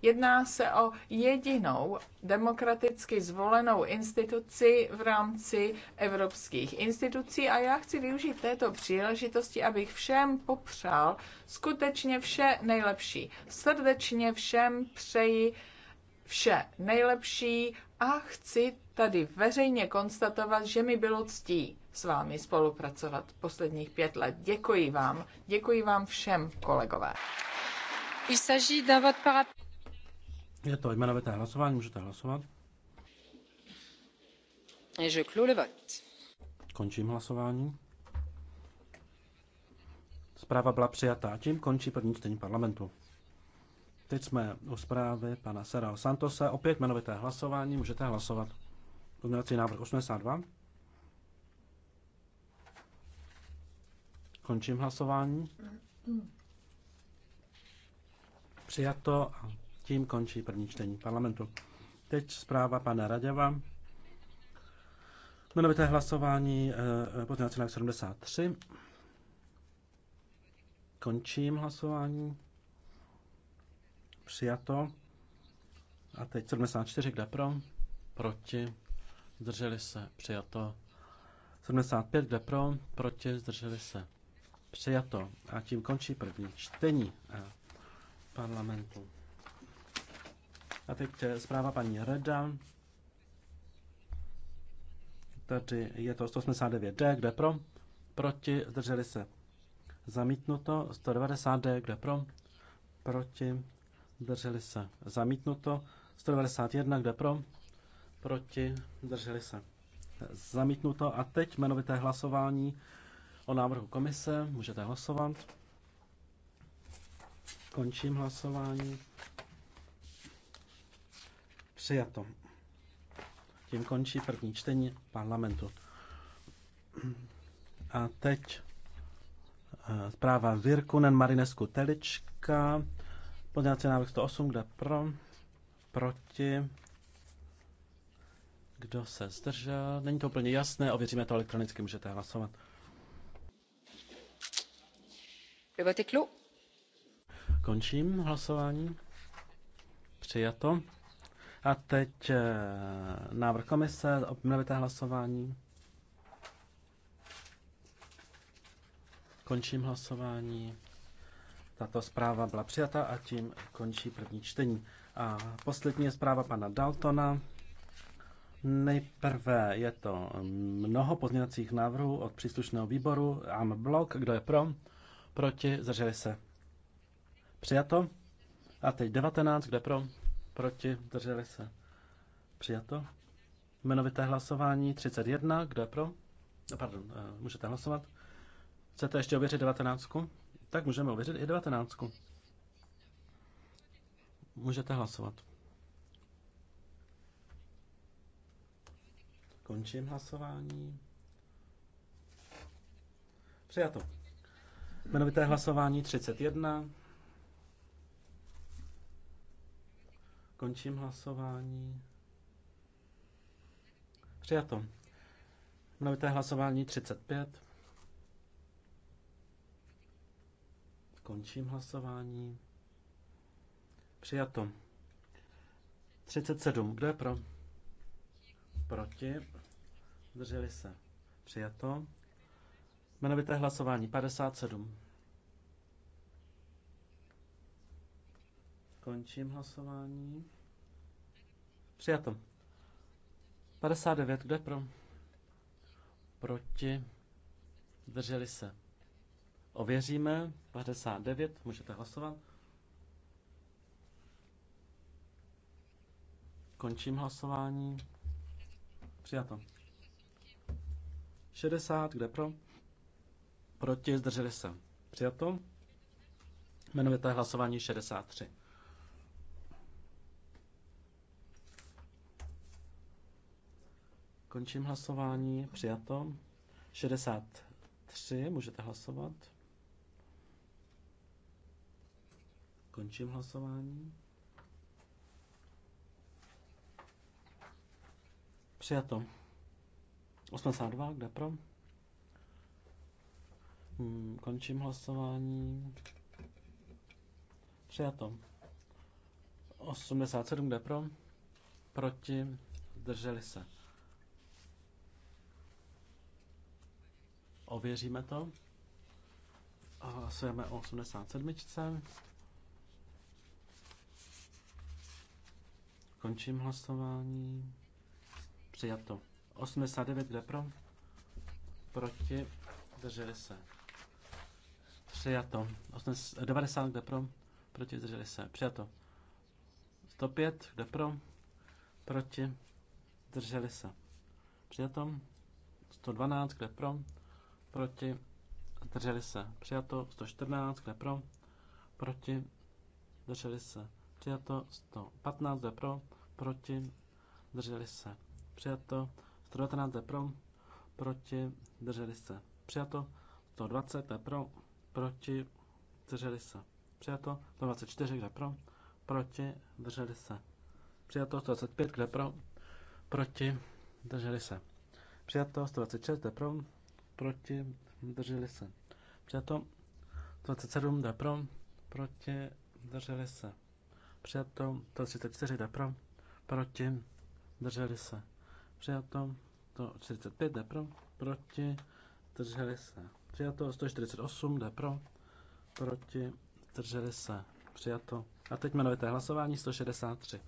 Jedná se o jedinou demokraticky zvolenou instituci v rámci evropských institucí a já chci využít této příležitosti, abych všem popřál skutečně vše nejlepší. Srdečně všem přeji vše nejlepší a chci tady veřejně konstatovat, že mi bylo ctí s vámi spolupracovat posledních pět let. Děkuji vám, děkuji vám všem, kolegové. Je to jmenovité hlasování, můžete hlasovat. Je Končím hlasování. Zpráva byla přijatá. Tím končí první čtení parlamentu. Teď jsme u zprávy pana Serao Santose. Opět jmenovité hlasování. Můžete hlasovat. Pozměňovací návrh 82. Končím hlasování. Přijato a tím končí první čtení parlamentu. Teď zpráva pana Raděva. Jmenovité hlasování eh, pozměňovací 73. Končím hlasování. Přijato. A teď 74, kde pro? Proti. Zdrželi se. Přijato. 75, kde pro? Proti. Zdrželi se. Přijato. A tím končí první čtení eh, parlamentu. A teď eh, zpráva paní Reda. Tady je to 189D, kde pro? Proti, zdrželi se. Zamítnuto, 190D, kde pro? Proti, zdrželi se. Zamítnuto, 191, kde pro? Proti, zdrželi se. Zamítnuto a teď jmenovité hlasování o návrhu komise. Můžete hlasovat. Končím hlasování. Přijato. Tím končí první čtení parlamentu. A teď eh, zpráva Virkunen Marinesku Telička. Pozdělací návrh 108, kde pro, proti, kdo se zdržel. Není to úplně jasné, ověříme to elektronicky, můžete hlasovat. Končím hlasování. Přijato. A teď eh, návrh komise, obnovité hlasování. Končím hlasování. Tato zpráva byla přijata a tím končí první čtení. A poslední je zpráva pana Daltona. Nejprve je to mnoho pozměňovacích návrhů od příslušného výboru. Am blok, kdo je pro, proti, zdrželi se. Přijato. A teď 19, kde pro, Proti? Drželi se. Přijato. Jmenovité hlasování 31. Kdo je pro? Pardon, eh, můžete hlasovat. Chcete ještě ověřit 19? Tak můžeme ověřit i 19. Můžete hlasovat. Končím hlasování. Přijato. Jmenovité hlasování 31. Končím hlasování. Přijato. Mluvité hlasování 35. Končím hlasování. Přijato. 37. Kdo je pro? Proti. Zdrželi se. Přijato. Jmenovité hlasování 57. Končím hlasování. Přijato. 59, kde pro? Proti. Zdrželi se. Ověříme. 59, můžete hlasovat. Končím hlasování. Přijato. 60, kde pro? Proti, zdrželi se. Přijato. Jmenovité hlasování 63. Končím hlasování. Přijato. 63. Můžete hlasovat. Končím hlasování. Přijato. 82. Kde pro? Hmm, končím hlasování. Přijato. 87. Kde pro? Proti. Zdrželi se Ověříme to. A hlasujeme o 87. Končím hlasování. Přijato. 89 kde pro? Proti. Drželi se. Přijato. 90 kde pro? Proti. Drželi se. Přijato. 105 kde pro? Proti. Drželi se. Přijato. 112 kde pro? proti, zdrželi se, přijato 114, kde pro, proti, zdrželi se, přijato 115, kde pro, proti, zdrželi se, přijato 119, kde pro, proti, zdrželi se, přijato 120, kde pro, proti, zdrželi se, přijato 124, kde pro, proti, zdrželi se, přijato 125, kde pro, proti, zdrželi se, přijato 126, kde pro, proti, drželi se. Přijato 27 jde pro, proti, drželi se. Přijato 34 jde pro, proti, drželi se. Přijato 145 jde pro, proti, drželi se. Přijato 148 jde pro, proti, drželi se. Přijato. A teď jmenovité hlasování 163.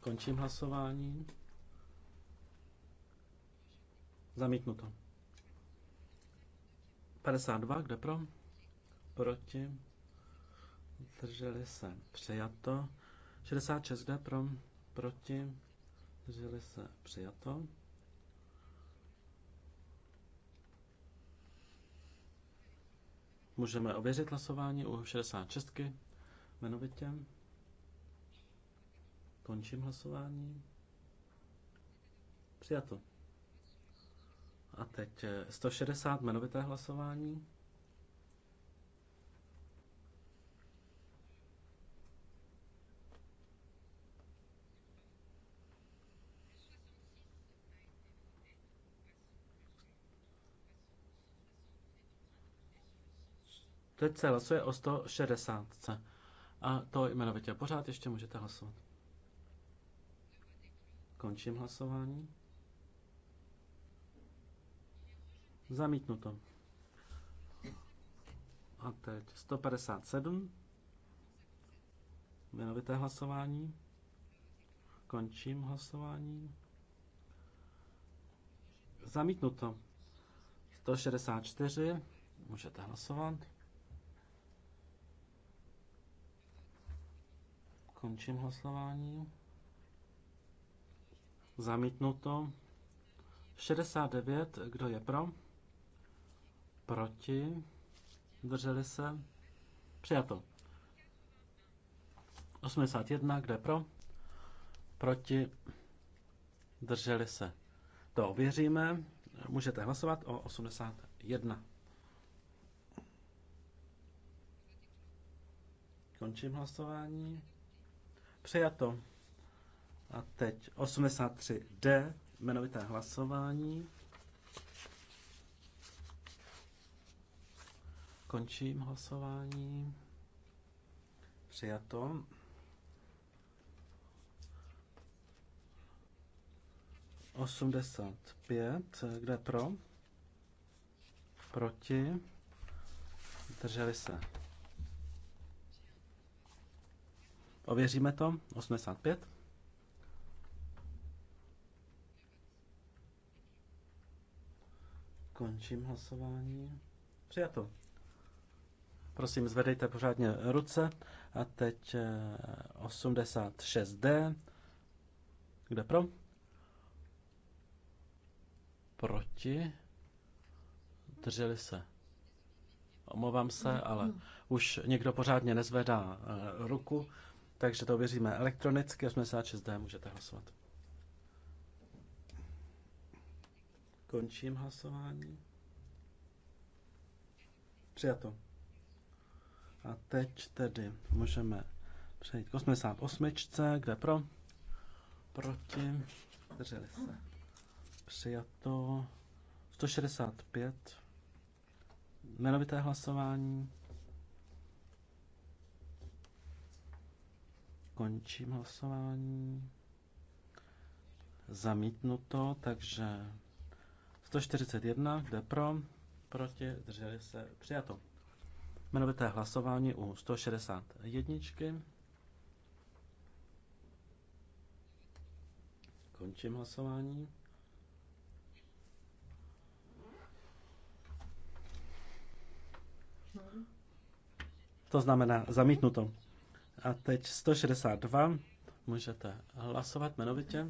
Končím hlasování. Zamítnuto. 52, kde pro? Proti. Drželi se. Přijato. 66, kde pro? Proti. Drželi se. Přijato. Můžeme ověřit hlasování u 66. Jmenovitě. Končím hlasování. Přijato. A teď 160 eh, jmenovité hlasování. Teď se hlasuje o 160. A to jmenovitě pořád ještě můžete hlasovat. Končím hlasování. Zamítnuto. A teď 157. Jmenovité hlasování. Končím hlasování. Zamítnuto. 164. Můžete hlasovat. Končím hlasování. Zamítnuto. 69. Kdo je pro? Proti? Zdrželi se? Přijato. 81, kde pro? Proti? Drželi se. To ověříme. Můžete hlasovat o 81. Končím hlasování. Přijato. A teď 83D, jmenovité hlasování. Končím hlasování. Přijato. Osmdesát pět. Kde pro? Proti. Drželi se. Ověříme to. 85. Končím hlasování. Přijato. Prosím, zvedejte pořádně ruce. A teď 86D. Eh, Kde pro? Proti. Drželi se. Omlouvám se, ale už někdo pořádně nezvedá eh, ruku, takže to věříme elektronicky. 86D můžete hlasovat. Končím hlasování. Přijato. A teď tedy můžeme přejít k 88. Kde pro? Proti. Drželi se. Přijato. 165. Jmenovité hlasování. Končím hlasování. Zamítnuto, takže 141, kde pro, proti, drželi se, přijato. Jmenovité hlasování u 161. Končím hlasování. To znamená zamítnuto. A teď 162. Můžete hlasovat jmenovitě.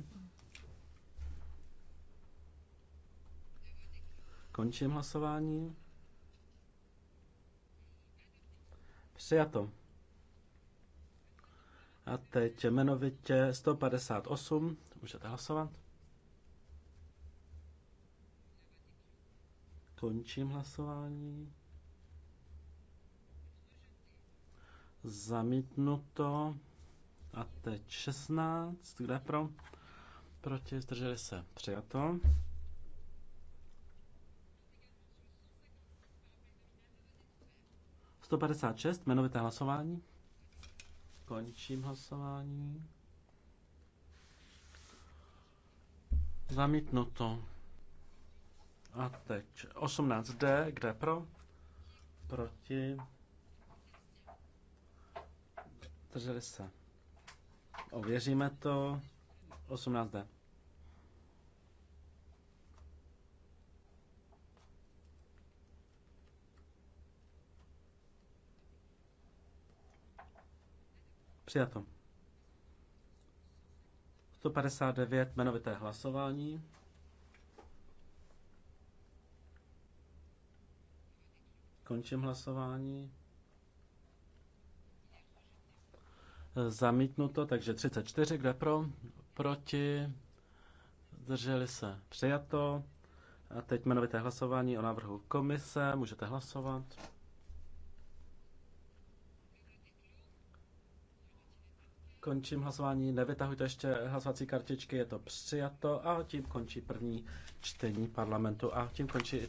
Končím hlasování. Přijato. A teď jmenovitě 158. Můžete hlasovat. Končím hlasování. Zamítnuto. A teď 16. Kde pro? Proti zdrželi se. Přijato. 156, jmenovité hlasování. Končím hlasování. Zamítnuto. A teď 18D, kde pro? Proti. Drželi se. Ověříme to. 18D. Přijato. 159 jmenovité hlasování. Končím hlasování. Zamítnuto, takže 34, kde pro? Proti. Zdrželi se. Přijato. A teď jmenovité hlasování o návrhu komise. Můžete hlasovat. Končím hlasování, nevytahujte ještě hlasovací kartičky, je to přijato a tím končí první čtení parlamentu a tím končí i